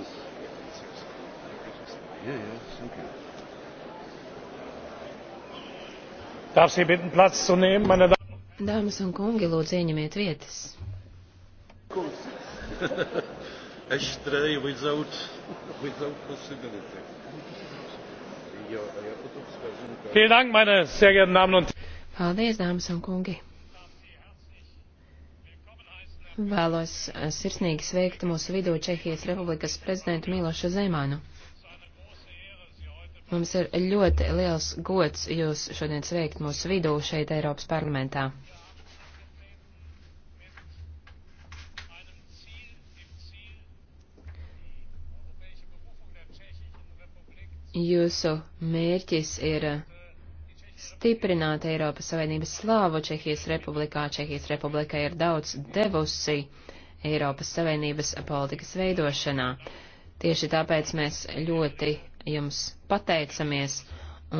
this. Yeah, yeah, thank you. Darf Sie bitten, Platz zu nehmen, meine Damen? Dāmas un kungi, lūdzu, ieņemiet vietas. Es strēju without, without possibility. Vielen Dank, meine sehr geehrten Damen und Paldies, dāmas un kungi. Vēlos eh, sirsnīgi sveikt mūsu vidū Čehijas Republikas prezidentu Milošu Zemānu. Mums ir ļoti liels gods jūs šodien sveikt mūsu vidū šeit Eiropas parlamentā. Jūsu mērķis ir stiprināt Eiropas Savienības slāvu Čehijas republikā. Čehijas republika ir daudz devusi Eiropas Savienības politikas veidošanā. Tieši tāpēc mēs ļoti jums pateicamies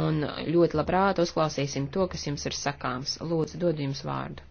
un ļoti labprāt uzklausīsim to, kas jums ir sakāms. Lūdzu, dod jums vārdu.